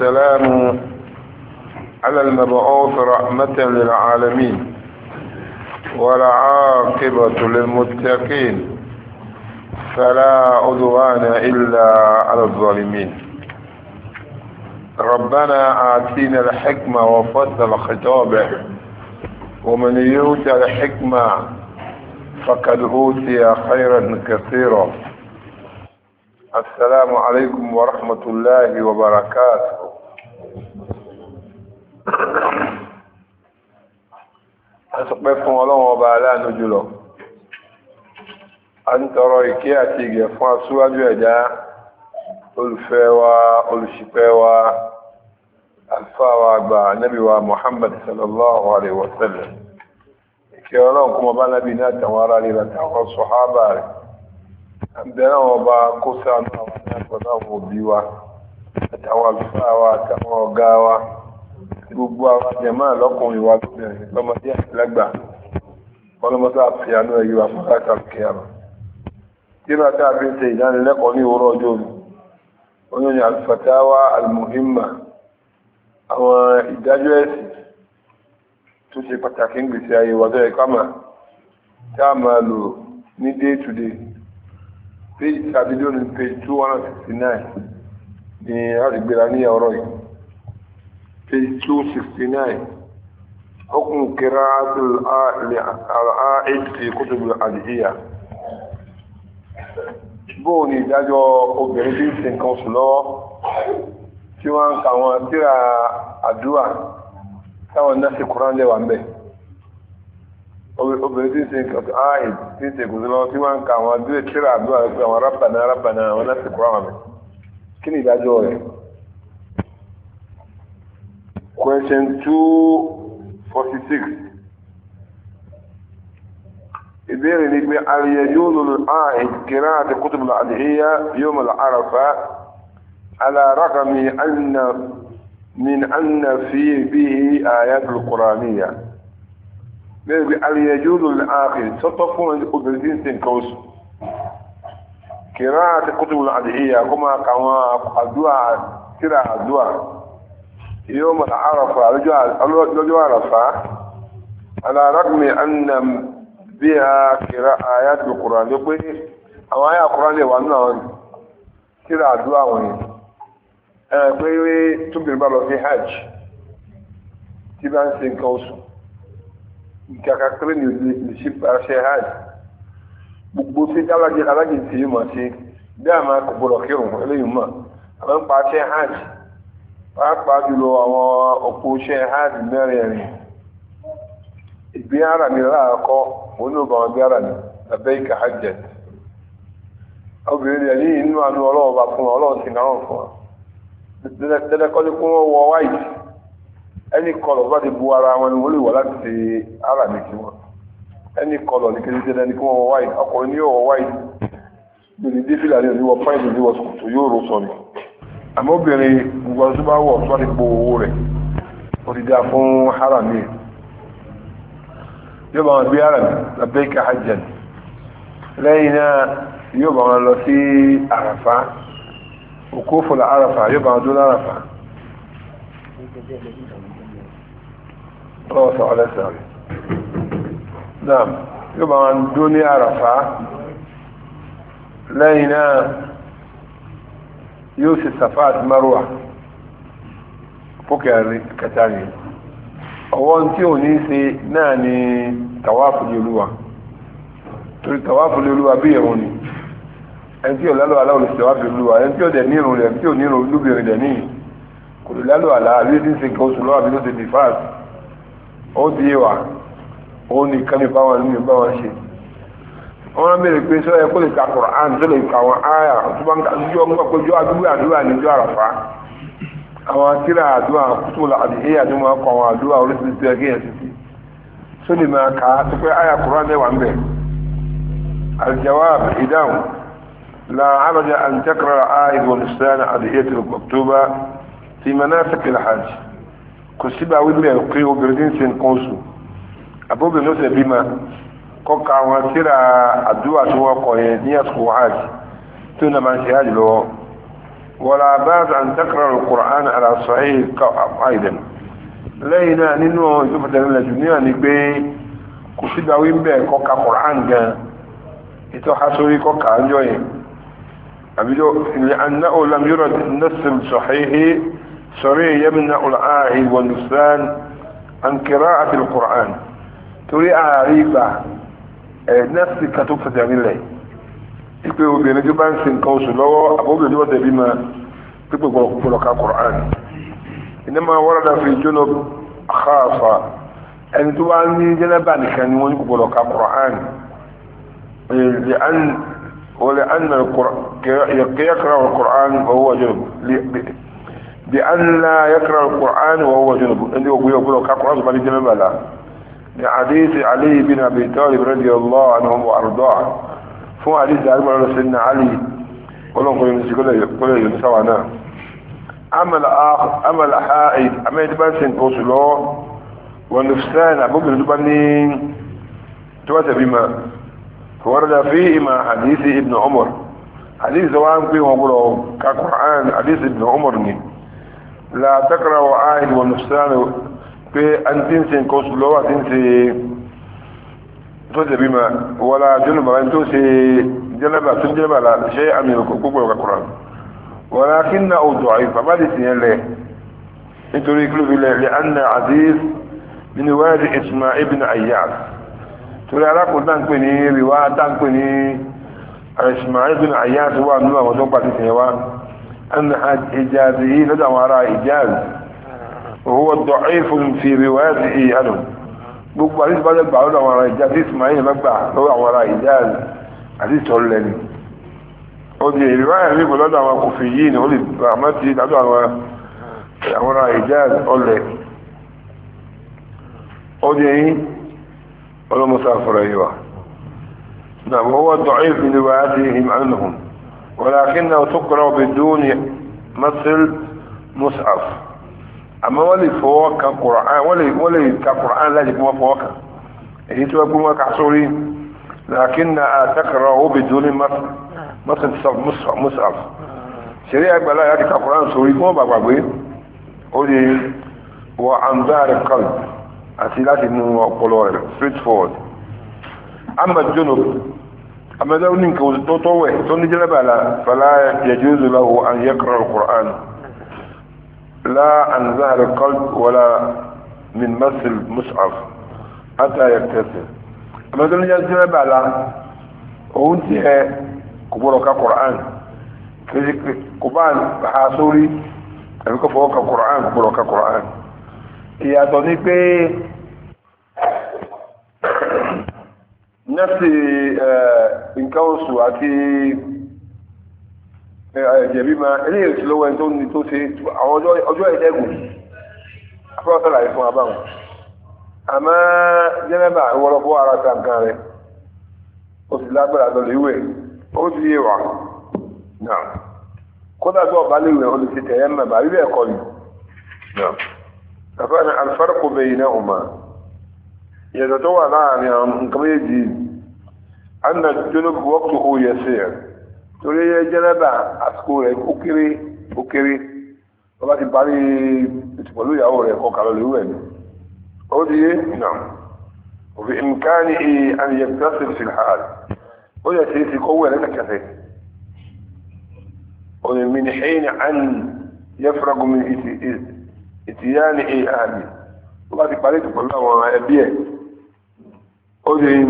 والسلام على المبعوث رحمة للعالمين والعاقبة للمتقين فلا عدوان إلا على الظالمين ربنا آتينا الحكمة وفصل خطابه ومن يؤتى الحكمة فقد أوتي خيرا كثيرا السلام عليكم ورحمة الله وبركاته أسقف الله وبعلا نجله أنت ترى إكياتي جفان سواجه جاء الفوا الشفوا الفوا با نبي محمد صلى الله عليه وسلم كي الله كما بنا بنا تنوارا لنا تنوار صحابه bẹ́ẹ̀ wọn bá kó sànù àwọn ní àgbàdo àwọn òbí wa àtàwọn àlùfáà wa àtàwọn ọ̀gá wa gbogbo àwọn àjẹmọ́ àlọ́kùnrin wa lóbìnrin lọ́mọdé àti lágbà ọlọ́mọdé àti àánú ẹ̀yí wa fún láti àlùkẹ́ àrùn. tíra tá a fi ń ṣe ìdánilẹ́kọ̀ọ́ ní òwúrọ̀ ọjọ́ òru onóyìn àlùfàtàwà àlùmọ̀hìmà àwọn ìdájọ́ ẹ̀sìn tó ṣe pàtàkì ń gbèsè ayé wa tó yẹ ká máa tá máa lò ní day to day page tàbí lónìí page two hundred sixty nine ní àdìgbéra ní ọ̀rọ̀ yìí page two sixty nine okùn kíra al-aid fi kutub al-adhiya bóò ní ìdájọ́ obìnrin tí ń sin nǹkan oṣù lọ́wọ́ tí wọ́n ń ka wọn tíra àdúrà táwọn náà ṣe kúrán lẹ́wà ń bẹ̀ẹ́ obìnrin tí ń ṣe nǹkan tí ń ṣe kùsùn lọ tí wọ́n ń ka àwọn adúlé tíra àdúrà pé àwọn àwọn àwọn mi kí ni ìdájọ́ rẹ̀. question two forty six ìbéèrè ni pé àlìyé yóò lòlù áì kìrá àti kútùbù àdìhíyá yóò mọ̀ àràfà aláràkàmì ànà min ànà fi bíi àyàtò bẹ́ẹ̀bi aliyajúlù láàrin sọ́tọ́ fún obìnrin tí ń kan oṣù kìrá àti kútùbù àdìyà kó máa kàwọn àdúà tíra àdúà yóò máa àràfà lọ́jọ́ àràfà a annam bí a kìrá àyà ti kùrà ló pé àwọn àyà kùrà lè wà náà tíra àdúà wọ̀nyí ẹ̀ pé túnbìrì bá lọ sí hajj tí bá ń ṣe nǹkan oṣù ìkàkà kéré ní ojú ìṣe hajj gbogbo tí alájẹ alájẹ ti yìí mọ̀ sí bí a máa kò gbọdọ̀ kírun eléyìí mọ̀ àwọn ń hajj pàápàá jùlọ àwọn òpó hajj ìgbé ara mi láàkọ́ òun ní ọba àwọn ara mi labẹ́ ìkà hajj obìnrin rẹ̀ ní inú àánú ọlọ́wọ́ bá fún ọlọ́wọ́ náà fún ọ kó wọ́n ẹni kọlọ̀ bá ti bu ara wọn ni wọ́n lè wà láti ṣe ara mi kí wọ́n ẹni kọlọ̀ ní kéde tẹ́lẹ̀ ní kí wọ́n wọ wáyé ọkùnrin ní ọwọ́ wáyé lórí débìlà ní oníwọ̀ fáìlì ní wọ́n sòkòtò yóò rò sọ ni àmọ́ obìnrin gbogbo tó bá wọ̀ tó bá ti po owó rẹ̀ ó ti dá fún ara mi yóò bá wọn gbé ara mi lábẹ́ ìka hajj lẹ́yìn náà yóò bá wọn lọ sí àràfá òkú fòlà àràfá yóò bá wọn dún àràfá ọlọ́wọ́ sọ ọlẹ́sàn rẹ̀ náà yóò bá wọn dún ní àràfá lẹ́yìn náà yóò sì sàfà àti márùwà fókè kẹta ni ọwọ́ tí ò ní ṣe náà ni tàwáfù lé olúwa torí tàwáfù lé olúwa bí ẹ̀rùn ni ẹni tí ò lálọ́ àlá olùsí tàwáfù lé olúwa ẹni tí ò dẹ̀ ní irun rẹ̀ ẹni tí ò ní irun lóbìnrin dẹ̀ níyì kò lè lálọ́ àlá àbí ẹni tí ń ṣe kẹ́ oṣù lọ́wọ́ àbí ló ṣe dìfáàsì ó di wà ó ní kánì báwọn ní báwọn ṣe wọ́n bèèrè pé sọ ẹ kó lè ka Qur'an tó lè ka àwọn àyà tó bá ń ka àdújọ ń gbà pé jọ àdúgbò àdúrà ní jọ àràfà àwọn tíra àdúrà kútùmùlà àdìyẹ àdúrà kọ àwọn àdúrà oríṣiríṣi ẹgbẹ́ yẹn títí tó lè máa kà tó pé àyà Qur'an mẹ́wàá ń bẹ̀ ìdáhùn la àròjẹ àǹtẹ́kọ̀rọ̀ àìbò nìṣẹ́ àdìyẹ tó lè gbọ̀ tó bá ti kò síbi àwọn ilé pé obìnrin tí ń ṣe nǹkan oṣù àbóbìnrin ló ṣe bímọ kọka àwọn tíra àdúrà tí wọ́n kọ yẹn ní àsìkò hajj tó náà máa ń ṣe hajj lọ́wọ́ wọ́lá bá ń dákàrà al-Qur'an ala sahih ká lẹ́yìn náà nínú ìtòfẹ̀tẹ̀lẹ̀ lẹ́jù ní pé kò síbi àwọn ilé kọka Qur'an gan ìtọ́ ha sórí kọka àjọ yẹn àbíjọ ìlànà òlàmíràn nassim sahihi شريع يمنع العاهي والنسبان عن قراءة القرآن تري عريبة نفسك تبسة يعني لي يقول بين جبان سنكوش لو أبو بيجوا دبيما تبقوا فلوكا قرآن إنما ورد في جنوب خاصة أن تواني جنبان كان يوني فلوكا قرآن لأن ولأن القرآن يقرأ القرآن وهو جنوب بأن لا يقرأ القرآن وهو جنب اللي هو يقول كقرآن بل جنب لا لحديث علي بن أبي طالب رضي الله عنه وأرضاه فهو حديث علم على سيدنا علي ولهم قل ينسي كل ينسى وانا أما الآخر أما الحائد أما يتبان سنقوص له والنفسان أبو بن دبنين تواتى بما ورد فيهما حديث ابن عمر حديث زوان فيه وقوله كقرآن حديث ابن عمر ني لا تقرأ عائد ونفسان في أن تنسي كوس لو تنسي توسي بما ولا جنب أن توسي جلبة تنجلب على شيء من الكوكب القرآن ولكن أو ضعيف ما لسي له انتو يقولوا في لأن عزيز من والد إسماعيل بن أياس تقول على قول تنقني رواة تنقني إسماعيل بن أياس وأنه وزنبه تنسي وأنه أن حجازه لدى وراء إجاز وهو ضعيف في روايته عنه gbogbo àdìsí bá lẹ́gbàá lọ́dọ̀ àwọn ará ìjà àdìsí máa ń yẹn lọ́gbà lọ́wọ́ àwọn ará ìjà àdìsí ọ̀rọ̀ lẹ́nu òdì èrè wáyà mi kò lọ́dọ̀ àwọn kòfin yìí ni ó lè bá àmọ́ ti lọ́dọ̀ àwọn ará ìjà ọ̀lẹ̀ òdì èyí ọlọ́mọsá fọ̀rọ̀ yìí wà. nàbọ̀wọ́ dọ̀ọ́yìn fi ni wàá ti hìm ánàhùn ولكنه تقرأ بدون مثل مصحف أما ولي فوق قرآن ولي ولي كقرآن لا يكون فوق هي تقول ما كحصوري لكنها تقرأ بدون مثل مثل مصحف مصحف شريعة بلا يأتي كقرآن سوري ما بقى ودي وعن ظهر القلب أسئلة إنه قلوه straight forward أما الجنوب أما لو ننك وتطوع توني جلب على فلا يجوز له أن يقرأ القرآن لا عن ظهر القلب ولا من مس المصحف حتى يكتسب أما لو نجلب جلب على وانت كبرك قرآن قبان حاسوري أبيك فوق القرآن كبرك قرآن يا توني بيه nọ́ọ̀sì nǹkan oṣù àti ẹ̀jẹ̀ bímọ eléyìí ti lọ́wọ́ ẹni tó ní tó ṣe àwọn ọjọ́ ẹ̀ẹ́dẹ́gùn afọ́sọ̀rọ̀ àyè fún abáwọn àmọ́ jẹ́nẹ́bà ìwọ́lọ́pọ̀ ara ta nǹkan rẹ̀ ó sì lágbára lọ léwé ó sì yé wà náà kódà tó ọba léwé ó lè ṣe tẹ̀yẹ́ mẹ́bà bíbẹ̀ ẹ̀kọ́ ni náà àfẹ́ àlùfáàrùkù bẹ̀yìn náà yàtọ̀ tó wà láàrin àwọn nǹkan méjì anna jónóbù wọ́pù owó yẹsẹ̀ torí yẹ jẹ́nẹ́bà àsìkò rẹ̀ ó kéré ó kéré wọ́n bá ti parí pẹ̀lú ìyàwó rẹ̀ kọ́ kàlọ́ lórí ẹ̀mí ó di yé nà òfin nǹkan ní àyè pẹ́sẹ̀ sí hàn ó yẹ sí sí kówó ẹ̀rẹ́ kẹkẹsẹ̀ òyìn mi ní xeyìn àn yẹ fúragùn mi ìtìyá ní àmì wọ́n bá ti parí pẹ̀lú àwọn ẹbí ẹ̀ obìnrin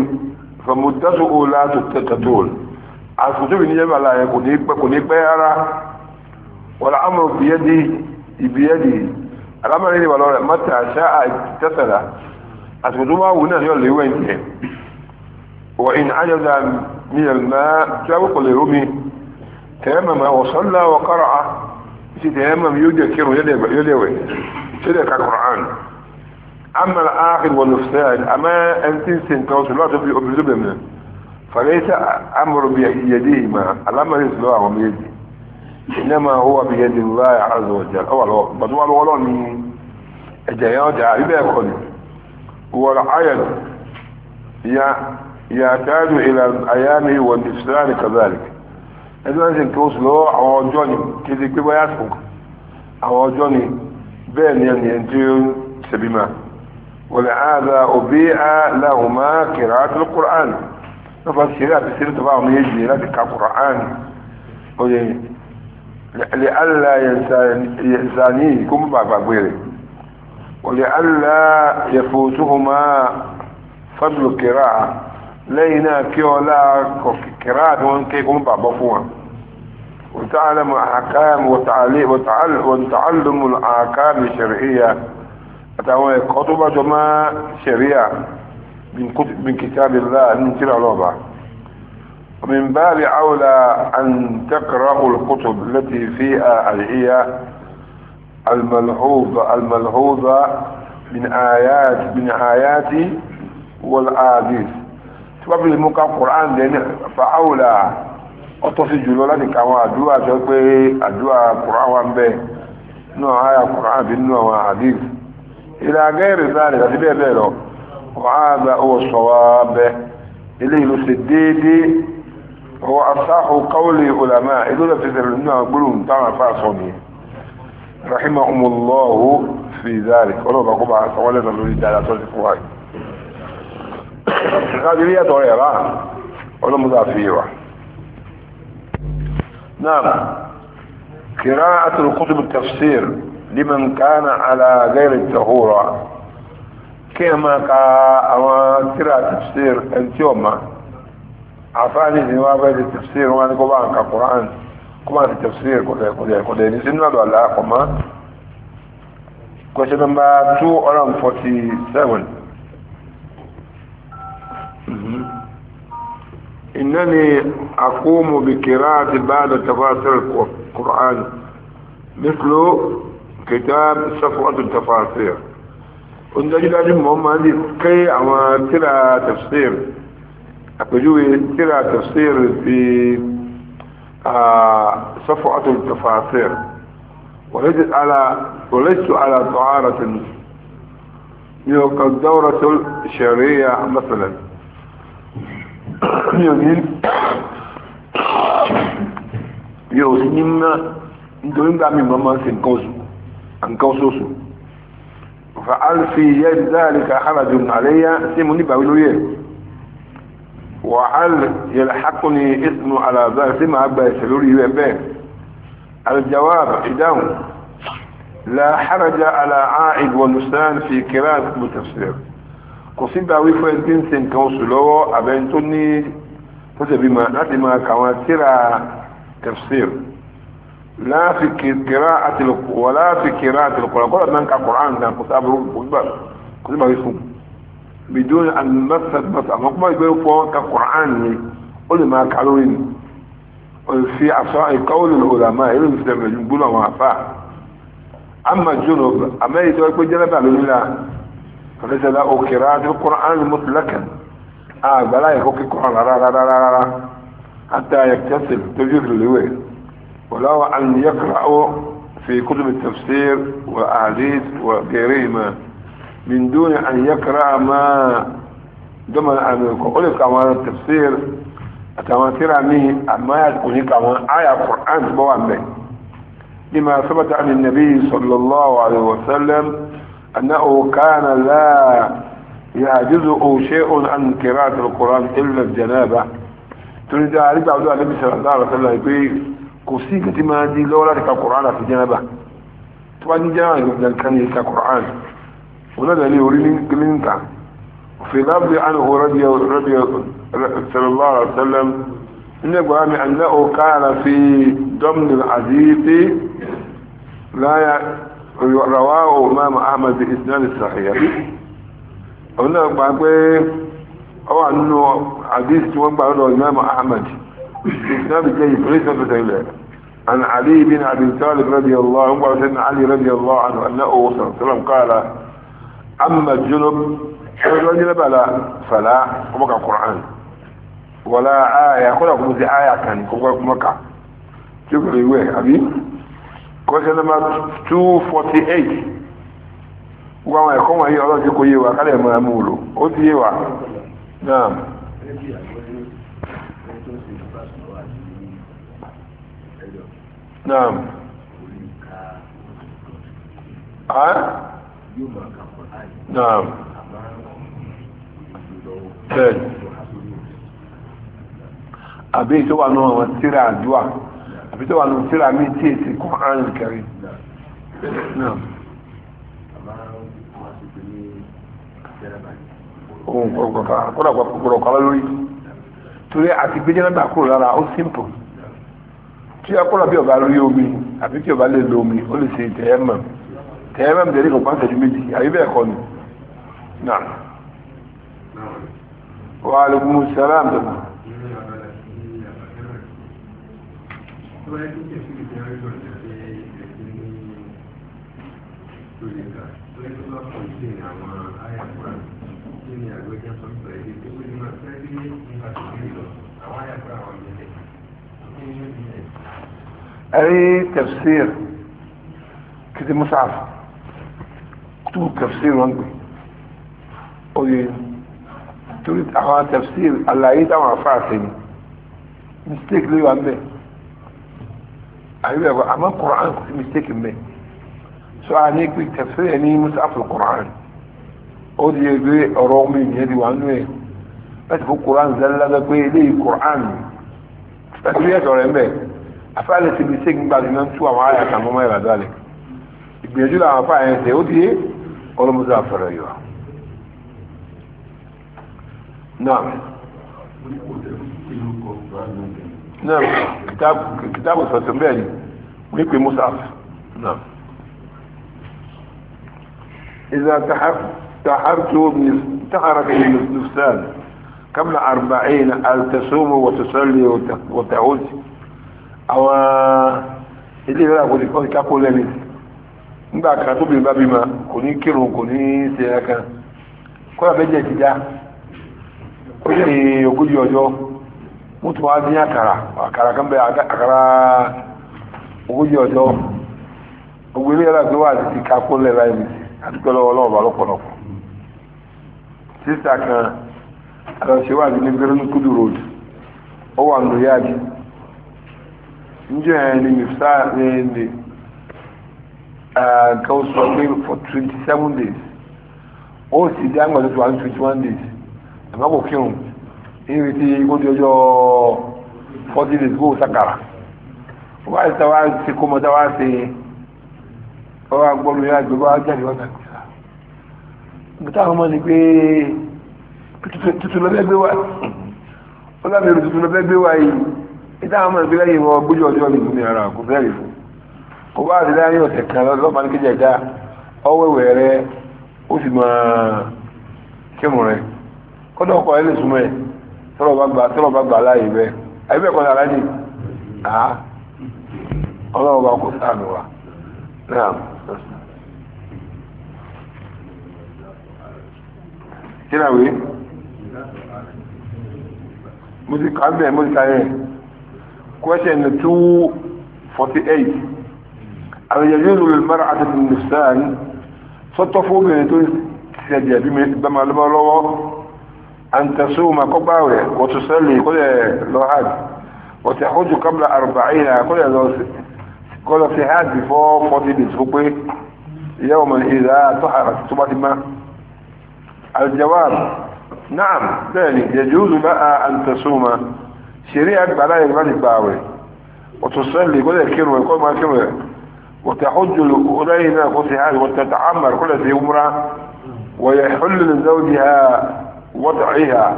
fàmùdásùkú láti tẹ̀tẹ̀tòl àsùnjúbì ní yẹ́bà láyé kò ní pẹ́ ara wọ́n àmọ̀ bìyẹ́dì ìbìyẹ́dì alámọ̀rin ní wàlọ́rẹ̀ mọ́ta ṣáà tẹ́sẹ̀lá àsùnjú máa wù náà yọ̀ léwẹ̀ jẹ́ wọ́n in ajọ́dá miyàn máa jáwé kò lè rómi tẹ́ẹ̀mẹ̀mẹ̀ wọ̀sọ́lá wọ̀ kọ́rọ̀ á sí tẹ́ẹ̀mẹ̀mẹ̀ yóò jẹ́ kírun yóò lẹ́wẹ̀ أما الآخر والنفسان أما أنت سنكوس لا تفي أبرز منه فليس أمر بيديهما الأمر يسلوه ومن يدي إنما هو بيد الله عز وجل أول بدو الولون من الجياد عيبا يكون هو العين يحتاج إلى الأيام والنفسان كذلك إذا سنكوس له أو جوني كذلك بياتكم أو جوني بين يعني أنتم سبيما ولهذا أبيع لهما قراءة القرآن فبالسيرة بسيرة بعضهم يجري لك كقرآن لئلا ينساني كم بابا بيري ولئلا يفوتهما فضل القراءة لينا كيولا قراءة كي كم بابا فوان وتعلم الأحكام وتعلم الأحكام الشرعية àtàwọn ẹ̀kọ́ tó bá jọ má ṣẹ̀ríà min kitabillah ní tíra ọlọ́ọ̀bá ومن باب أولى أن تقرأوا الكتب التي فيها الهية الملحوظة الملحوظة من آيات من آيات والآديث تبقى الموقع القرآن فأولى أتصل جلولة كما أدوى تقول القرآن به نوع القرآن بالنوع والحديث ìlà agẹ́rẹ̀ záàrẹ̀ àti bẹ́ẹ̀ bẹ́ẹ̀ lọ wàhálà owó sọ̀wọ́ abẹ́ ilé ìlú ṣe déédéé owó asáhù káwọlì olàmà ìlú lọ fi sẹ̀rẹ̀ nínú àwọn gbólóhùn táwọn afá sọ ni rahimahumullahu fi záàrẹ̀ ọlọ́ọ̀bà kó نعم قراءة الكتب التفسير لمن كان على غير الطهورة كما كان ترى تفسير اليوم عفاني بيت التفسير وانا قبعا كقرآن كما في تفسير كده كده كده نسينا له الله كما question number 247 إنني أقوم بقراءة بعد تفاصيل القرآن مثل كتاب صفوة التفاصيل عند جلال محمد كي اما ترى تفسير اكجوه ترى تفسير في آه، صفوة التفاصيل وليس على وليس على طهارة يوقف دورة الشرية مثلا يوهن يوهن يوهن يوهن يوهن يوهن يوهن an kawo su fa alfi yadda zalika harajun alayya sai mu ni ba wilo yau وهل يلحقني اسم على ذلك ما أبا يسلولي ويبين الجواب إدام لا حرج على عائد والنسان في كراءة المتفسير قصيبا ويفين تنسين كونسلو أبين تني تسبي ما نتما كواتيرا تفسير لا في قراءة ولا في قراءة القرآن قرأت منك القرآن ده كتابه كتابه كتابه يسوم بدون أن نمثل مسألة مقبل يقول فوق القرآن قل ما قالوين في عصاء قول العلماء إلهم سلم الجنبون وعفاء أما الجنوب أما يتوقف جنبا لله فليس لا قراءة القرآن مطلقا آه بلا يخوك القرآن لا لا لا لا لا حتى يكتسل تجد اللي وين ولو أن يقرأوا في كتب التفسير وأحاديث وغيرهما من دون أن يقرأ ما ضمن أن يقول كمان التفسير أتماثير منه أما يكون كمان آية القرآن بوامه لما ثبت عن النبي صلى الله عليه وسلم أنه كان لا يعجزه شيء عن قراءة القرآن إلا الجنابة تريد أن أعرف عبد الله النبي صلى الله عليه وسلم kò sí ìgbà tí máa di lọ́wọ́ láti ka Qur'an àti jẹ́nàbà tó bá ní jẹ́nàbà ìgbà kan ní ka Qur'an wọn náà dalí orí ní nǹka òfin lábẹ́ ànihu radiya radiya sallallahu alaihi wa sallam nínú ẹgbàá mi àná òkà àlà fi dọ́mìnì àdìyí láyà rawahu imam ahmed bin isnan sahih àwọn náà gbà pé ọwọ́ ànínú àdìyí tí wọ́n gbà lọ́dọ̀ imam ahmed الإسلام الجيد ليس بتولاه عن علي بن أبي طالب رضي الله عنه سيدنا علي رضي الله عنه أنه صلى الله عليه وسلم قال أما الجنب فالرجل بلا فلا كمكة القرآن ولا آية كل أقول زي آية كان كمكة شوف لي أبي question number 248 wọ́n wọ́n ẹ̀kọ́ wọ́n yí ọlọ́dún kò yé wa kálẹ̀ mọ́ ẹmú naam a naam bẹ́ẹ̀ àbí tó wà náà wọn tíra àdúà àbí tó wà náà tíra mí tí èsì kọ́ àrùn kẹrin naam ohun kọ̀ọ̀kọ̀ọ̀kọ̀ lórí torí àti gbé jẹ́nàbà kúrò lára ó simple tí akọ́rọ̀ bí ọba rí omi àbí tí ọba lè lo omi ó lè ṣe tẹ̀yẹ́mọ̀ tẹ̀yẹ́mọ̀ tẹ̀lé kò pàṣẹ ju méjì àbí bẹ́ẹ̀ kọ́ ni náà wà á lè mú sàrán tó mọ̀. Thank you. أي تفسير كده مصعب كتب تفسير وانجي قولي تريد أخوة تفسير العيد أو عفاتني مستيك ليه وانبه أيوة أما القرآن كنت مستيك به سؤال هيك تفسير يعني مصعب القرآن ó di ebi ọ̀rọ̀ ọmọ ènìyàn di wà nú ẹ̀ láti fún koran zẹ́lẹ́lẹ́gbẹ́ pé ilé koran láti rí ẹ̀sọ̀ rẹ̀ mbẹ̀ afáàlẹ̀ ti bí sẹ́gun gbàgbé náà tú àwọn àyà kan mọ́mọ́ ìrà dálẹ̀ ìgbìyànjú làwọn afáàyẹ̀ ń sẹ́ ó di ọlọ́mọdé àfẹ́rẹ́ yọ. náà náà kìtàbù sọ̀tún bẹ́ẹ̀ ni wọ́n ń pè mọ́sáf náà. إذا تحقق سحرت سحرك للنفسان قبل أربعين أن تصوم وتصلي وتعود أو إذا لا أقول لك أقول لك nígbà ma kò ní kírun kò ní ṣe ẹ̀kan kọ́lá méjì ti dá ó sì kara ogójì kara kan bẹ àkàrà ogójì ọjọ́ ogun ilé ẹ̀rọ àgbéwà ti kakó lẹ́la ẹ̀mí àti sísà kan àlọ́ṣẹ́wàjú ní birnin kudu road ó wà nù yáàjì níjọ́ ẹ̀ ni mifta ní kan sọ for twenty seven days ó sì dé àgbà tó wà ní one days àmọ́ kò kírun ìrètí kó di ọjọ́ days kó sakara wọ́n á ti tàwa ti kó mọ́ tàwa ti gbẹ̀tà àwọn ni pe tuntun lọ́fẹ́ gbé wá ó lábẹ́rù tuntun lọ́fẹ́ gbé yi yìí ìta àwọn ọmọ gbójú ara kò bẹ́ẹ̀ fún kò bá àti láàrin ọ̀sẹ̀ kan lọ́pàá ní kéjì ẹ̀dá ọwẹ́wẹ́ rẹ ó sì máa kírun rẹ kọ́dọ̀ ọkọ̀ lè súnmọ́ bá gbà láàyè bẹ́ẹ̀ kọ́ ní ọlọ́run bá kó sáà wá kíláwé mo ti kà bẹ́ẹ̀ mo ti kà yẹn question two forty eight àwọn yẹn yóò lè mara àti nìsan sọ́tọ̀ fún obìnrin tó ṣẹ̀jẹ̀ bí mi bẹ́ẹ̀ máa lọ́wọ́ lọ́wọ́ àǹtẹ̀sùn máa kọ́ gbáwẹ̀ wọ́n tún sẹ́lẹ̀ kó lè lọ́ hajj wọ́n ti àkójù kábla àrùbáyìn kó lè lọ kó lọ sí hajj before forty days kó pé ìyá ọmọ ìlà tó hàrà tó bá ti máa. الجواب نعم ذلك يجوز لها أن تصوم شريعة بلاء الملك باوي وتصلي كل الكلمه ويقول ما كيلو وتحج الينا قصي هذا وتتعمر كل ذي عمره ويحل لزوجها وضعها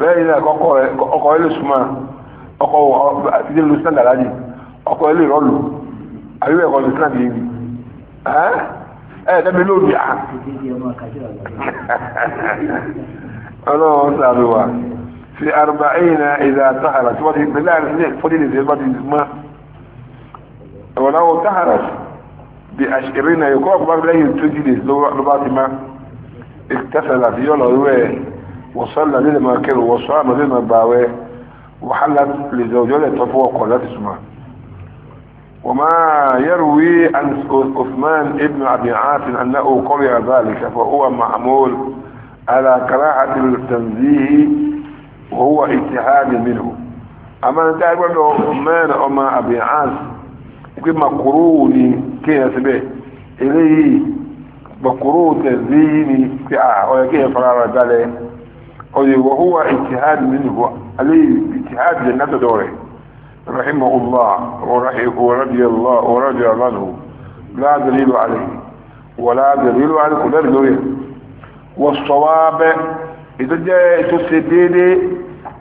فإذا أقول اسمه أقول أتدل السنة العديد أقول لي رلو أيوة يقول الإسلام ها ẹ̀ẹ́dẹ́gbẹ́ ló bìá ọlọ́run sàbí wa fi àrùbá ẹ̀yìnà ìdá tàhàrà tí wọ́n ti pè láàrin ní fọ́dí lè ṣe bá ti mọ́ ọ̀làwọ̀ tàhàrà bí àṣírí náà yóò kọ́ ọ̀pọ̀ bá lẹ́yìn tó jìlè ló bá ti má ìtẹ́sẹ̀lá sí yọ́lọ̀ rẹ̀ wọ̀sọ́lá nílẹ̀ máa kẹrù wọ̀sọ́ àmọ́ nílẹ̀ máa bàwẹ́ wàhálà lè jọ ọjọ́ lẹ̀ tọ́ fún láti súnmọ́ وما يروي عن عثمان ابن ابي عاصم انه قرئ ذلك فهو معمول على كراهة التنزيه وهو اجتهاد منه اما انت اقول عثمان اما ابي عاصم يقول مقروني كي يسبه اليه مقرون تنزيهني في اه ويكيه فرار ذلك وهو اجتهاد منه عليه اجتهاد للنفس دوره رحمه الله ورضي الله ورضي عنه لا دليل عليه ولا دليل على دليل والصواب إذا جاء تسديد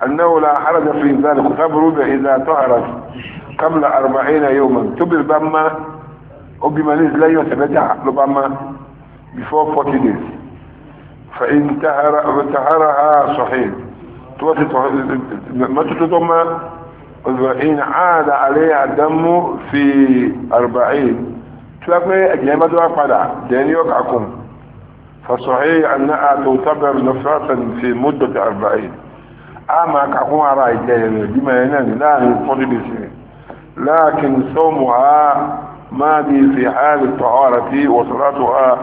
أنه لا حرج في ذلك تبرد إذا طهرت قبل أربعين يوما تبر بما وبماليز لا يتبدع لبما before 40 days فإن تهرها صحيح ما تتضمى وإن عاد عليها الدم في أربعين تلاقي أجنبا دوا قدع دينيوك عكم فصحيح أنها تعتبر نفرة في مدة أربعين أما كعكم على إجاية بما ينام لا يقضي بسنة لكن صومها ماضي في حال الطهارة وصلاتها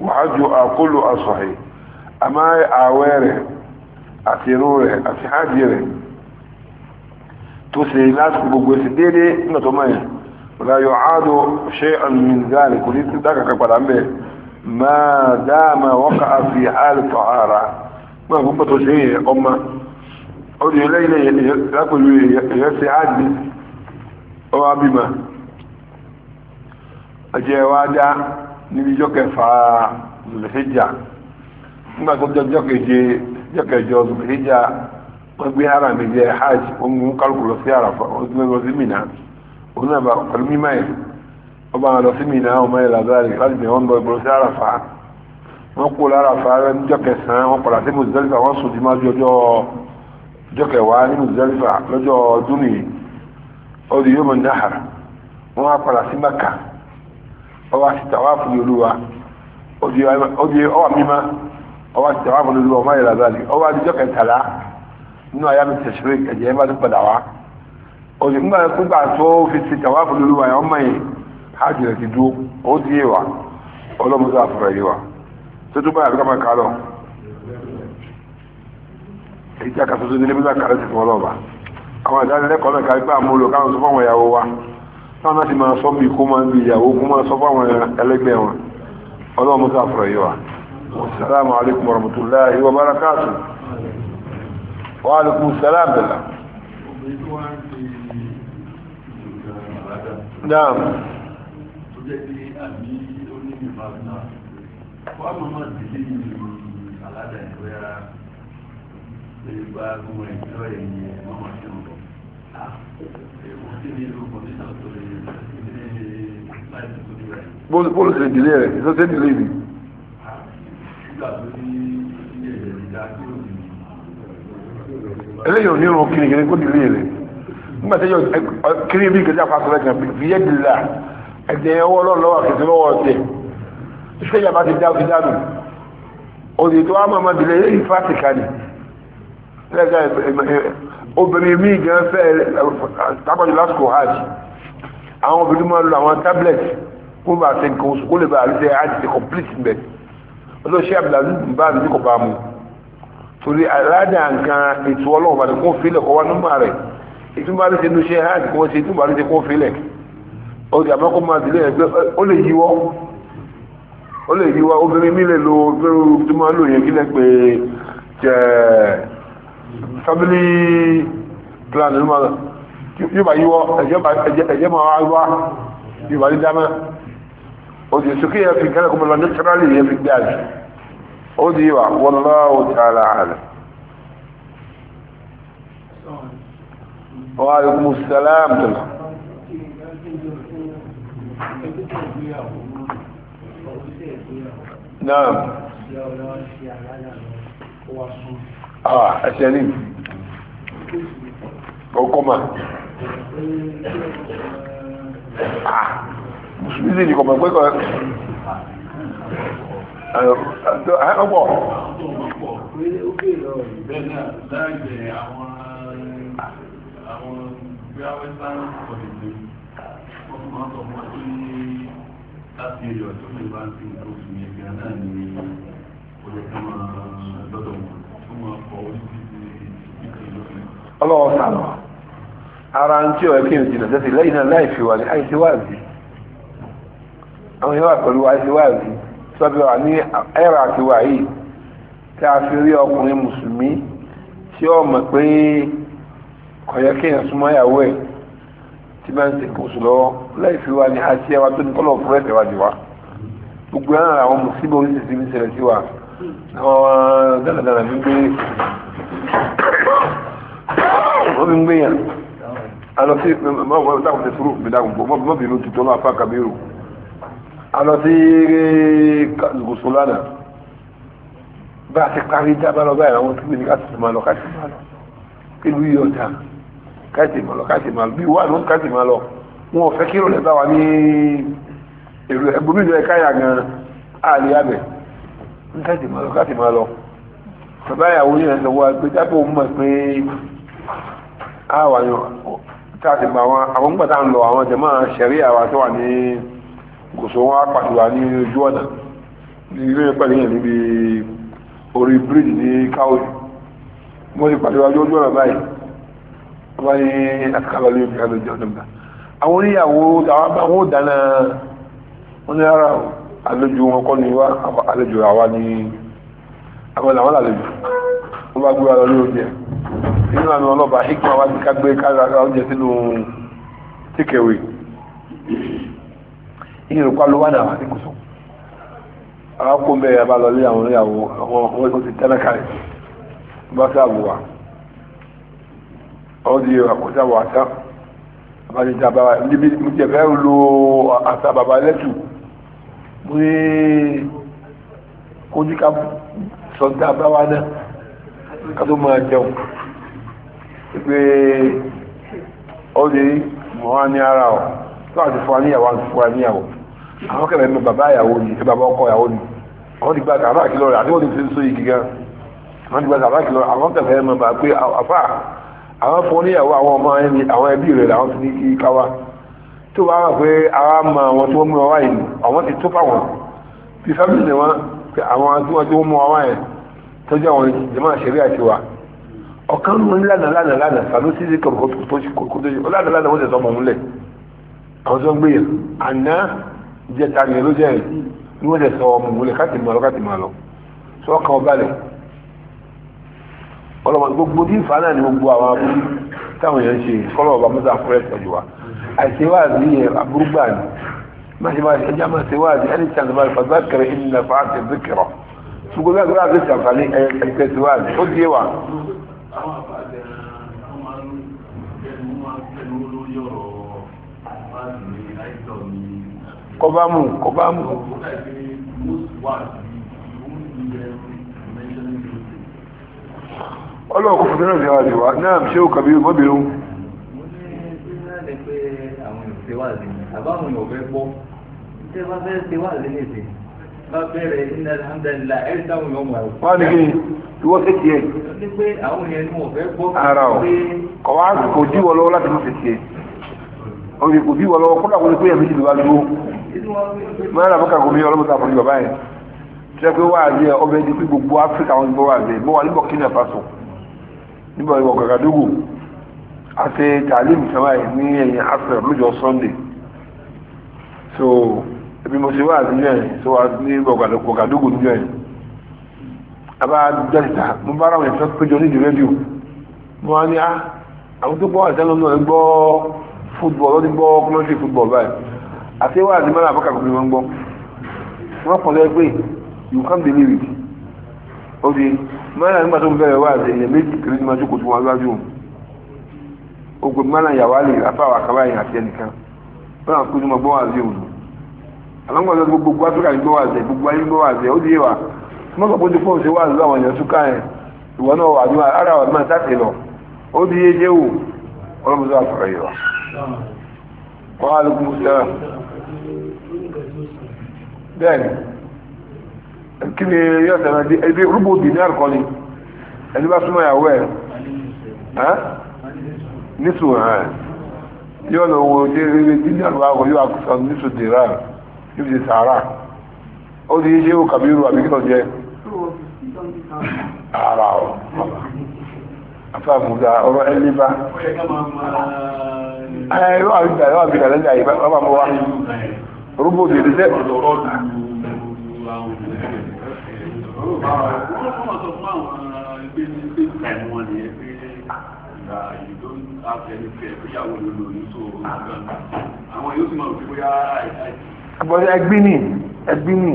وحجها كلها صحيح أما أواره أتيروره أتحاجره توسي ناس بقول سديدي نتومي ولا يعاد شيئا من ذلك وليس ذاك كبر عمبي ما دام وقع في حال طهارة ما هو بتوسي أما أولي ليلة يأكل يسي عادي أو أبيما أجي وادا نبي جوكي فا الحجة ما كنت جوكي جي جوكي جو الحجة wọ́n gbé ara mi jẹ́ hajj wọ́n mú kálukú lọ sí àràfà wọ́n tún lọ sí mìnà òun náà bá pẹ̀lú mímọ́ ẹ̀ wọ́n bá lọ sí mìnà ọmọ ẹ̀ làzari láti bẹ̀rẹ̀ wọ́n lọ ìbọn sí àràfà wọ́n kó lára àràfà níjọ́ kẹsàn-án wọ́n padà sí mùsùlùmí wọ́n sùn dìímọ̀ ọjọ́ ọjọ́ kẹwàá ní mùsùlùmí lọ́jọ́ ọdún nìyí ọdún yóò mọ̀ náà wọ́n á padà sí mẹ́kà ọwọ́ àti tàwáàfù nínú àyà mi tẹ̀síwé ẹ̀jẹ̀ ẹ̀ bá tó padà wá òsì ńgbà púpà tó fi ti tàwa fún olúwa yẹn ọmọ yẹn hajj rẹ̀ ti dúró ó ti yé wa ọlọ́mọdé àfọ̀rọ̀ yé wa tó tó báyà lọ́kọ̀ máa lọ. èyí tí a kà nílé bí wọ́n fún àwọn ìdánilẹ́kọ̀ọ́ àmúlò káwọn sọ fáwọn ìyàwó wa táwọn láti máa sọ bí kó máa ń bi ìyàwó kó máa sọ fáwọn ẹlẹgbẹ́ wọn ọlọ́mọdé wa. wa alaikum salam ṣe ìdílé rẹ̀, ìṣọ́ṣẹ́ ìdílé mi. Nígbà tó ní ilé ìjẹ̀dá tó eléyìí ò ní irun kiri kiri kó dìlé rẹ̀ nígbà tí kiri bí kiri àpá sọ̀rọ̀ kan fi yé dìlà ẹ̀jẹ̀ ọwọ́ lọ́wọ́ kìtì lọ́wọ́ ọ̀tẹ̀ iṣẹ́ ìjàmbá ti dá fi dánù òdì tó wá mọ̀mọ́ dìlé yìí fásitì kan ní obìnrin míì gan fẹ́ tábọ̀jù lásìkò hajj àwọn obìnrin máa lo àwọn tablet kó bá ṣe nǹkan oṣù kó lè bá àlùfẹ́ hajj ti complete mbẹ́ ọlọ́ṣẹ́ àbìlà ń bá àlùfẹ́ kọ̀ bá mu torí aládà nǹkan ètò ọlọ́run bá ti kún fílẹ̀ kọ́ wá nọ́mbà rẹ̀ ìtúmbà ló ṣe ní ṣe hajj kó wọ́n ṣe ìtúmbà ló ṣe kún fílẹ̀ ó ti àmọ́ kó máa dìlé ẹgbẹ́ ó lè yíwọ́ ó lè yíwọ́ obìnrin mi lè lo obìnrin tó máa lò yẹn kí lẹ́ pé jẹ́ family plan ló máa yóò bá yíwọ́ ẹ̀jẹ̀ máa wá yóò bá yí dáná ó ti sókè yẹn fi kẹ́lẹ́kọ̀ọ́ mọ́ lọ ní ó di wà wallahu ta'ala a'lam wa alaikumus salam tọ́lá náà ah, àà ẹ̀ṣẹ̀ ní ọkọ̀ máa àà musulmi ní kọ̀mọ̀ ah, pẹ́kọ̀ọ́ ọ̀pọ̀. láti ẹ̀yọ̀ tó lè bá ti ń ọlọ́wọ́ sàlọ̀ ara ń tí ọ̀rẹ́ kí n jìnà tẹ́sí lẹ́yìn náà láì fi wà ní àìsíwáàzì àwọn ìwà pẹ̀lú àìsíwáàzì sọ́bíọ̀ ní ẹ̀rọ àtiwá yìí tí a fi rí ọkùnrin mùsùlùmí tí ó mọ̀ pé kọ̀yẹ́ kéèyàn súnmọ́ ìyàwó ẹ̀ tí bá ń ṣe kóso lọ́wọ́ láì fi wá ní àti ẹwà tó ní kọ́lọ̀ fúrẹ́ tẹ̀wá jù wá gbogbo ẹ̀rọ àwọn mùsùlùmí oríṣiríṣi ń ṣẹlẹ̀ sí wa àwọn dáradára mi gbé àlọ́ sí eh, gùsùlánà bá a ti parí dábà lọ báyìí àwọn tó gbé ní káàtì máa lọ káàtì máa lọ kí ló yí ọjà káàtì máa lọ káàtì máa lọ bí wà ló ń káàtì máa lọ wọn ò fẹ́ kí ìrọ̀lẹ́ bá wa ní èrò ẹ̀gbọ́n mi lọ ẹ̀ka yà gan àlè abẹ ń káàtì máa lọ káàtì máa lọ bàbá ìyàwó ní ẹ̀sẹ̀ wa gbé jábọ̀ òun mọ̀ pé àwọn táàtì àwọn gbàtà ń lọ àwọn jẹ̀mọ́ ṣẹ̀rí àwa tó wà ní kò sọ wọn apàṣẹwà ní ojú ọ̀nà ilé pẹ̀lú yẹn níbi orí bíríjì ní káwé mo ti pàṣẹwà ojú ọ̀nà báyìí wọ́n ní àkàbà lórí ìpínlẹ̀ ojú ọ̀nà báyìí àwọn oníyàwó àwọn òdáná wọn ní ara àlejò wọn kọ́ ni wá àlejò àwa ní àwọn làwọn àlejò wọn bá gbé wa lọ lórí oúnjẹ nínú àmì ọlọ́ba hikma wa ti ká gbé ká ra oúnjẹ sínú tíkẹ̀wé ìyẹn olùkọ́ ló wà náà wà ní kùsù àwọn kó bẹ́ẹ̀ yàrá lọ lé àwọn oníyàwó àwọn ọmọ tó ti tẹ́lẹ̀ kalẹ̀ bá sí àbúwà ó di àkóso àbúwà tá bá ti ta bàbá níbi mo jẹ fẹ́ lo àṣà bàbá lẹ́tù mo ní kójú ká sọ̀tà báwa náà ká máa jẹun pé ó di mọ̀ wá ní ara ọ̀ náà ti fún wa níyàwó àti fún wa níyàwó àwọn kẹlẹ mi bàbá ìyàwó ni bàbá ọkọ ìyàwó ni àwọn ti gba àrà kìlọ rẹ àdéhùn ti fi ń so igi gan àwọn ti gba àrà kìlọ rẹ àwọn kẹfẹ mi bà pé àfà àwọn fún níyàwó àwọn ọmọ ẹni àwọn ẹbí rẹ làwọn ti ní kí káwa tó bá wà pé àwa mọ àwọn tí wọn mú wa wáyé ni àwọn ti tó fáwọn fi fábílì ni wọn pé àwọn tí wọn tó mú wa wáyé tọjú àwọn jẹmọ àṣẹrí àti wa ọkàn mú lánàá lánàá lánàá sàlóṣìṣẹ kọkọ tó ṣe kókó tó ṣe àwọn tó ń gbé yẹn àná ìjẹta ni ló jẹ́ ní wọ́n lè sọ ọmọ òun lè káàtì máa lọ káàtì máa lọ sọ ọkàn ọba lẹ̀ ọlọ́mọ gbogbo tí ìfà náà ni gbogbo àwọn abúlé táwọn èèyàn ṣe kọ́lọ̀ ọba mọ́tà fúrẹ́ pẹ̀lú wa àìṣe wáàzí yẹn aburú gbà ní má ṣe máa ṣe ẹjá máa ṣe wáàzí ẹni tí a ti máa fà zákẹrẹ ẹni náà fà á ti bí a ti máa ṣe ṣàǹfààní ẹgbẹ́ kọbámù kọbámù ọlọ́ọ̀kọ́ fọ́tẹ́rẹ̀ ìjọba àdìwá náà ṣe ó kàbí mọ́bìnrin wọ́n ní kí ìwọ́n sí ti ẹ̀ ara ọ̀ kọ̀wá kò díwọ́ lọ́wọ́ láti mọ́ sí ti oye kò bí wọlọ́wọ́ kọ́lá wọlé pé ẹ̀mí ìlú alúgbó mẹ́rin àbúkà kò ọlọ́mọta fún ìjọba yẹn tẹ́ pé wà ní ọbẹ̀ ní pé gbogbo áfíríkà wọn gbọ́ wà bẹ́ẹ̀ mọ́ wà ní níbọ̀ ìwọ̀ gàgàdógò àti tàlím sọ́wọ́ yìí ní ẹ̀yìn áfíríkà lójọ Sunday so ebi mo ṣe wà níjọ yẹn so wà ní gàgàdógò níjọ yẹn abá dẹ́sítà mo bá ara wọn ìfẹ́ péjọ nídìí rédíò mo wá ní ah, àwọn tó gbọ́ àtẹ́lọ́nà ẹ̀ gbọ́ football lọ́dí gbọ́ country football báyìí àti wà ní mẹ́rin àfọ́kà gbogbo wọn gbọ́ wọ́n pọ̀ lọ́wọ́ pé you can't believe it ó di mẹ́rin nígbà tó bẹ̀rẹ̀ wà àti èèyàn méjì kiri ní májú kò tún wọn lọ́jọ́ ó gbé mẹ́rin yàwá lè afáwà kaba yìí àti ẹnìkan wọ́n àti kójú mọ́ gbọ́ wà sí òun àwọn gbọ́dọ̀ gbogbo áfíríkà ní gbọ́ wà sí gbogbo ayé gbọ́ wà wọ́n alùpùpù sẹ́rà bẹ́ẹ̀ni kí ni yóò tẹ̀lé di ebi rúbù dinar kọ́ ni ẹni bá súnmọ́ ìyàwó ẹ̀ nísù hàn yóò lọ wo déréré dinar wà kọ́ yóò àkùsọ nísù di sàárà ó di ẹ̀rọ àbíkà ẹ̀rọ àbíkà lẹ́yìn àyè bàbá mọ́ wá rúgbò bèèrè jẹ́ Àbọ̀dé ẹgbí ni, ẹgbí ni,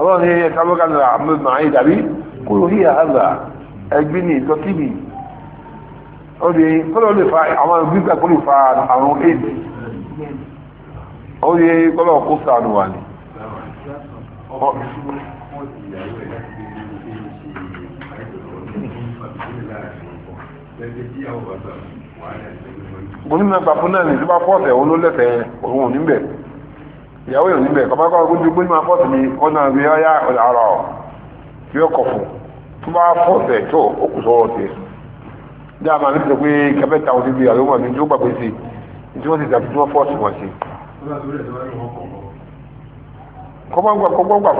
ọlọ́run ní ẹ̀ká lọ́kànlá kúrò ní àhàzà ẹgbí ni, oye kọ́lọ̀ lè fa àwọn ìgbígbà kó lè fa àrùn aids oye kọ́lọ̀ kó sàánù wà ní mo ní mẹ́gbà fún náà ní tó bá pọ́ọ̀tẹ̀ òun ló lẹ́fẹ̀ẹ́ òun níbẹ̀ ìyàwó ìrìn níbẹ̀ kọmọ́kọ́ ojú gbé ní máa pọ́ọ̀tẹ̀ ní ọ̀nà rí ọyá ọ̀rọ̀ tí ó kọ̀ fún tó bá pọ́ọ̀tẹ̀ tó ó kù sọ́rọ̀ tiẹ̀ dáàmà ní pé kẹfẹ́ta òní bí àlọ́mọ̀ ní tó gbàgbé sí tí wọ́n ti tàbí tí wọ́n fọ́ọ̀sì wọ́n sí kọ́mọ́gbà fún kọ́mọ́gbà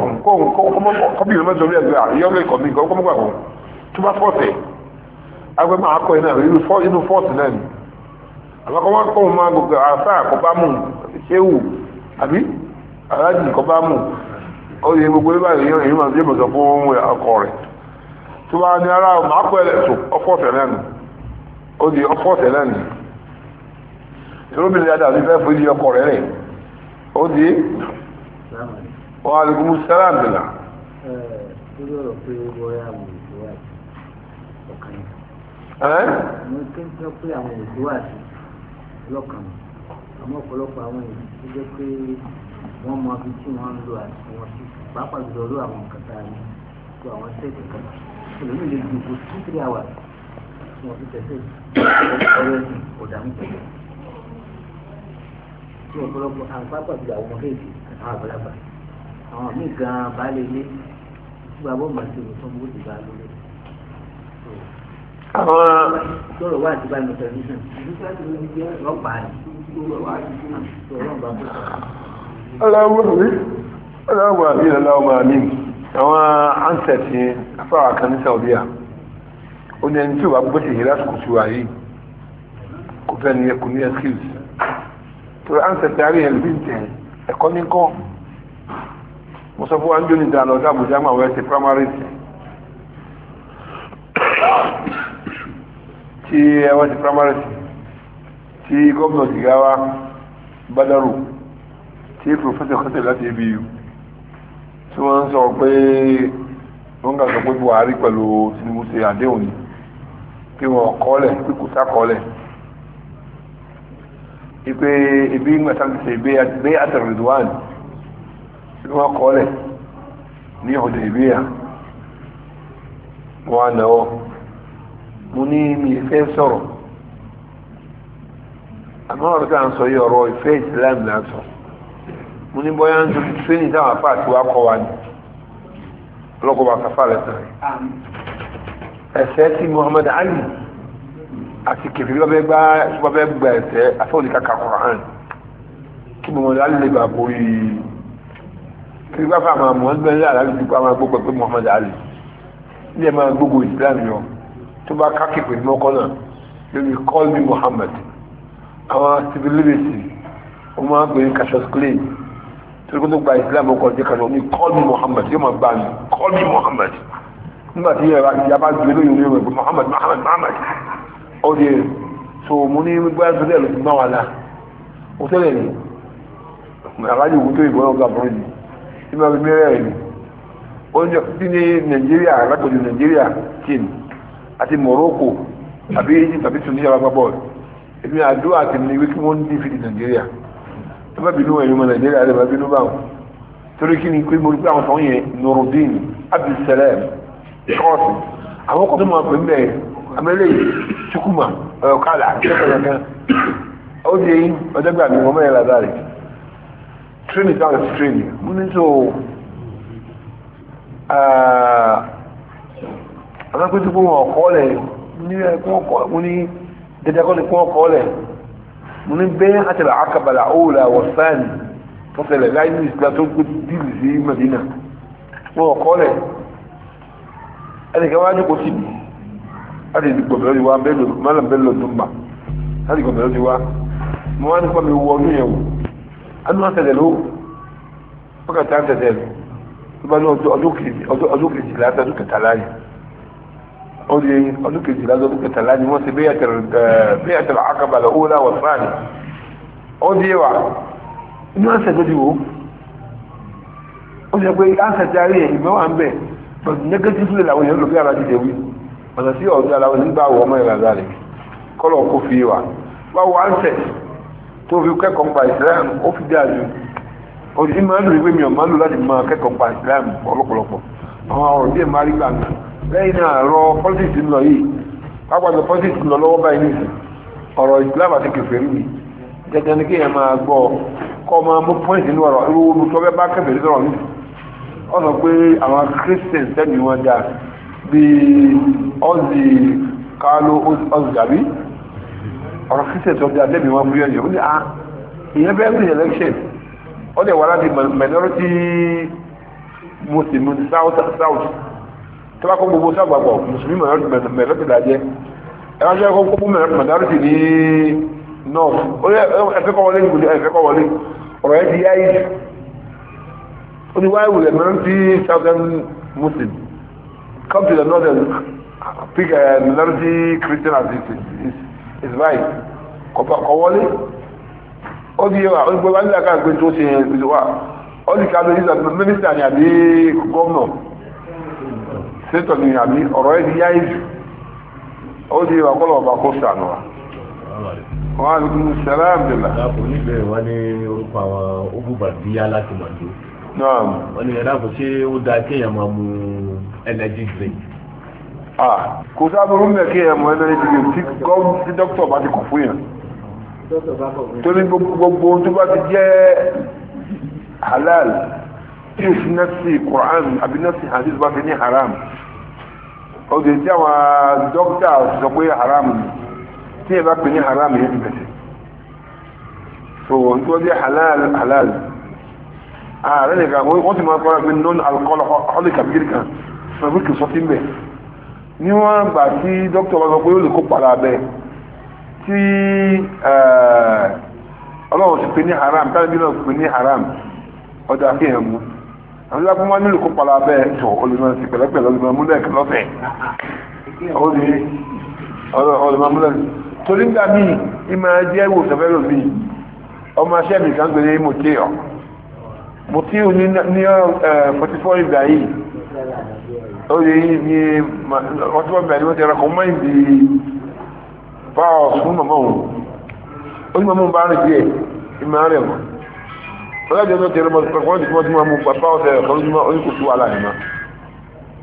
fún kọ́bí ìrọmọ́ sọ lẹ́gbẹ́ àyọ́lẹ̀ ìkọ̀mí kọ́mọ́gbà fún tó bá fọ́ọ̀sì agbẹ́ máa kọ́ iná inú fọ́ọ̀sì náà ni àbákọ́mọ́ kọ́ máa gbogbo àfáà kọ́ bá mú ṣéwù àbí aláàjì kọ́ bá mú oye gbogbo ẹ báyìí yẹn yìí máa yé mọ̀tọ́ fún ọkọ rẹ̀ tó bá ní ara máa pẹ́ lẹ́tọ̀ ọkọ̀ tẹ̀lẹ́ nù ó di ọkọ̀ tẹ̀lẹ́ nù ìrọ́bìnrin adà ní fẹ́ fún ọkọ̀ rẹ̀ rẹ̀ ó di wọn àlùkù mùsùlùmí àbìlà. ẹ́ mo kí n àwọn èèyàn tó jẹ́ pé wọ́n mọ ibi tí wọ́n ń lo àti wọ́n sí pàápàá jùlọ lórí àwọn nǹkan tá a ní tó àwọn sẹ́ẹ̀tì kan ẹlòmíì lè ju kó two three hours tí wọ́n fi tẹ̀sẹ̀ ọ̀rọ̀ ẹ̀sìn ọ̀dàmú pẹ̀lú tí ọ̀pọ̀lọpọ̀ àwọn pàápàá jùlọ àwọn ọmọdé èdè àtàwọn àgbàlagbà àwọn míì gan-an baálé ilé tí bàbá ọmọ àti olùtọ́ mú òdì bá lórí. àwọn sọ̀rọ̀ wá àti báyìí mọ̀ tẹ̀lifíṣàn ìdúpẹ́ àti olùdíjẹ́ aláwọ̀ àmìn aláwọ̀ àmìn àwọn ansẹ̀t yẹn afáwà kan ní Saudiya ó ní ẹni tí ó bá gbé ṣe hìlá sùkùsù àyè kò fẹ́ ní ẹkùn ní excuse tó ansẹ̀t yàrá yẹn lóbi tẹ̀ ẹ̀kọ́ ní kọ́ mo sọ fún wa ń jóni dáná ọ̀dọ́ àbújá máa wẹ́ ṣe primary tí ẹwà ti primary tí tíèpù fẹ́sẹ̀kẹsẹ̀ láti ibi yìí tí wọ́n ń sọ pé wọ́n gbà sọ pé Buhari pẹ̀lú Tinubu ṣe àdéhùn ni pé wọ́n kọ́lẹ̀ pé kò sákọ́lẹ̀ ipe ibi ìgbàta ti ṣe gbé àtẹ̀rẹ̀dùwàn tí wọ́n kọ́lẹ̀ ní ọ̀dẹ̀ ìbíyà wọ́n á náwó mo ní mi fẹ́ sọ̀rọ̀ àmọ́ ọ̀rọ̀ tí a ń sọ yìí ọ̀rọ̀ ìfẹ́ ìsìlámù náà sọ̀rọ̀ mo ní bọ́yá ń torí tírénì táwọn apá àti wákọ̀ wa ni ọlọ́kọ̀ bá kàfà lẹ́sàn ẹ̀sẹ̀ tí Muhammad Ali àti kẹfì bá bẹ́ gbá bá bẹ́ gbà ẹ̀sẹ̀ àfẹ́wọ̀n nìkan kà Quran kí Muhammad Ali lè bá borí kí bá fà máa Muhammad bẹ́ẹ̀ lára lè dúpọ̀ àwọn agbógbó pé Muhammad Ali ilé máa gbógbó Islam yọ tó bá ká kẹfì mọ́kọ́ náà lórí call me Muhammad àwọn civil liberty wọ́n máa gbé kashos clay torí tó gba islam ó kọjú kan ní call me muhammad yóò máa gbà mí call me muhammad nígbà tí ìyá bá gbé lóyún ní ìwé muhammad muhammad muhammad ó di so mo ní gbọ́dọ̀ tó dẹ̀ ló ti gbá wa la ó tẹ́lẹ̀ ní aláàjì òkú tó ìbọn ọgá àbúrò yìí tí máa fi mẹ́rẹ̀ rẹ̀ ó ń jọ sí ní nàìjíríà alákòjù nàìjíríà tin àti morocco àbí egypt àbí tunisia wà gbà bọ́ọ̀lù èmi àdúrà àti mi ní wíkí wọ́n ń dín fi di nàìjíríà tó bá bínú ẹ̀yìn ọmọ nàìjíríà rẹ̀ bá bínú báwọn torí kí ni pé mo rí pé àwọn sọ̀rọ̀ yẹn nurudin abdulsalam ṣọ́ọ̀sì àwọn kọ́ tó máa pè ń bẹ̀ amẹ́lẹ́ tukuma ọ̀kadà kẹ́kọ̀ọ́kan ó di eyín ọjọ́gbà mi wọ́n mẹ́rin ládàá rẹ̀ tírénì táwọn ti tírénì mo ní tó alákòóso pé wọn kọ́ lẹ̀ ní ní dẹ́dẹ́kọ́ ni pé wọ́n kọ́ lẹ̀ mo ní bẹ́ẹ̀ àtẹ̀lẹ̀ akabala òòlà wọ̀sáàlì tọ́sẹ̀lẹ̀ láì ní ìsìlá tó kó dìlì sí Madina wọn ò kọ́lẹ̀ ẹnìkan wá ní kò sí bì láti gbọ̀bẹ̀rẹ̀ ti wá bẹ́ẹ̀lò mọ́lá bẹ́ẹ̀lò tó ń bà láti gbọ̀bẹ̀rẹ̀ ti wá mo wá nípa mi wọ ọdún yẹn wò anú àtẹ̀lẹ̀ ló wákàtí àtẹ̀lẹ̀ ló bá ní ọjọ́ kejì láti ọdún kẹtàlá أولي أولوك الجلاد أولوك التلاني موسى بيئة بيئة العقبة الأولى والثانية أولي وعلا إنه أنسى تديو أولي أقول أنسى تاريه إما وعن به بس نكتب للعوين يقول بيئة راجي ديوي بس سيئة أولي العوين يبع وما إلى ذلك كله كفي وعلا وهو أنسى tó fi kẹ́kọ̀ọ́ pa Islam ó fi dé àjò òdì ìmọ̀ ẹ̀lú ìwé mi ọ̀ máa lò láti máa kẹ́kọ̀ọ́ pa Islam ọlọ́pọ̀lọpọ̀ àwọn ọ̀rọ̀ díẹ̀ máa rí gbàgbà lẹ́yìn náà rọ politics ń lọ yìí pápájọ politics ń lọ lọ́wọ́ báyìí nìyí ọ̀rọ̀ Islam àti kẹfẹ́rí mi jẹjẹ ní kéèyàn máa gbọ́ kọ́ máa mú point nínú ọ̀rọ̀ irú omi tó bẹ́ bá kẹfẹ́rí sọ̀rọ̀ nìyí ọ sọ pé àwọn Christian sẹ́ni wọn dà bíi ọ́zì kálọ́ ọ́zì dàbí ọ̀rọ̀ Christian tó dà lẹ́mìí wọn múlẹ̀ yẹn ó ní à ah, ìyẹn bẹ́ẹ̀ ní election ó dẹ̀ wà minority Muslim south south tọ́ba kó gbogbo sábàbọ̀ mùsùlùmí mẹ̀lẹ́tìlá jẹ́ ẹ̀rọ jẹ́ kó gbogbo mẹ̀lẹ́tì ní north ó yẹ ẹ̀fẹ́ kọ́ wọlé ìgbòdì ẹ̀fẹ́ kọ́ wọlé ọ̀rọ̀ ẹ̀ ti yá yìí ó ní wáyé wùlẹ̀ mẹ̀lẹ́tì southern muslim come to the northern pick a minority christian as it is is right kọ́ wọlé ó di ẹwà ó ní gbogbo wáyé àkàgbé tó ṣe ìwà ó ní ká lóyún mínísítà ni àbí sétọ̀ ni àbí ọ̀rọ̀ ẹ̀ ti yáyé jù ó di ìwàkọ́lọ̀ ọba kó sànù wa. wọ́n á lùkún sẹ́lá àbdùlá. dáàbò níbẹ̀rẹ̀ wọ́n ní orúkọ àwọn ogúnbà bí yá láti màdó. wọ́n ní ẹ̀dá kò ṣe ó dáa kéèyàn máa mu energy drink. kò sábúrú mẹ́ kéèyàn mu energy drink tí gọ́ọ̀mù tí dókítà bá ti kọ̀ fún yàn. torí gbogbo tó bá ti jẹ́ halal tí o sì náà sí Quran àbí náà sí hadith bá fi ní haram ó dé tí àwọn dókítà sọ pé haram ni tí ẹ bá pè ní haram yẹn ti bẹ̀sẹ̀ so n tó jẹ́ halal halal ah, ààrẹ nìkan wọ́n ti máa kọ́ra pé non alcoholic abigir kan fẹ́ẹ́ kì í sọ sí mbẹ̀ níwọ̀n gbà tí dókítà wa sọ pé ó lè kó padà bẹ́ẹ̀ tí eh, ọlọ́run ti pè ní haram tábìlì náà pè ní haram ọjà fi hàn mú àwọn ìlàkùn máa nílùú kópa la bẹ́ẹ̀ tó olùmọ̀sí pẹ̀lẹ́pẹ̀lẹ́ olùmọ̀múlẹ̀ lọ́fẹ̀ olùmọ̀múlẹ̀ torí ńgbà mí ìmọ̀ ẹjẹ́ wò sẹ́fẹ́ lòmí ọmọ aṣẹ́ mi kan gbèrè mọ̀tíọ̀ mọ̀tíọ̀ ní forty four ìgbà yìí ó lè yí ní forty four ìgbà yìí wọ́n ti rẹ̀ kọ́ mọ́ ìdí power fún mọ̀mọ́ òun ó ní mọ̀mọ́ bá rìn díẹ̀ ìmọ̀ rẹ̀ mọ̀ ọlọ́jọ́ náà tẹ̀lé mọ́tò tí wọ́n ti máa mú pàpá ọ̀tẹ̀ ọ̀kan lójúmọ́ oníkùtù aláìmá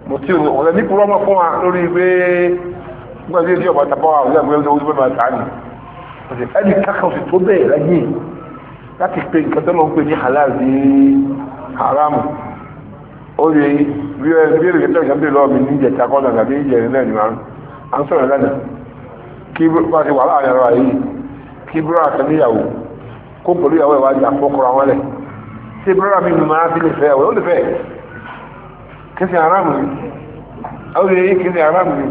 mo tí o ọ̀rẹ́ ní kúrọ́mọ́ fún wa lórí pé nígbà tí ìjọba tapá wa ọ̀gá ìgbẹ́ ọdún mẹ́fà tà ní ẹni kákan sì tó bẹ́ẹ̀ láyé láti pe nǹkan tó lọ ń pè ní halal ní haram ó lè bí ẹ bí èrè kẹtẹ́ ìjọba lọ́wọ́ mi ní ìjẹta kọ́nà tàbí ìjẹrin náà ni màá à ń sọ̀rọ̀ lánàá kí bá ti wà láàrin ara yìí kí búrọ̀ àtẹníyàwó kó pẹ̀lú ìyàwó ìwádìí àpọ̀kọ̀rọ̀ àwọn ẹlẹ́yìn ṣe brọ́dà mi máa fi lè fẹ́ ó lè fẹ́ kẹsì aráàmù ni àwọn èèyàn kẹsì aráàmù ni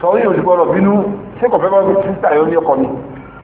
tọ́wọ́ yóò ti gbọ́dọ̀ bínú ṣé kọ̀fẹ́ sísà yóò ní ọkọ ni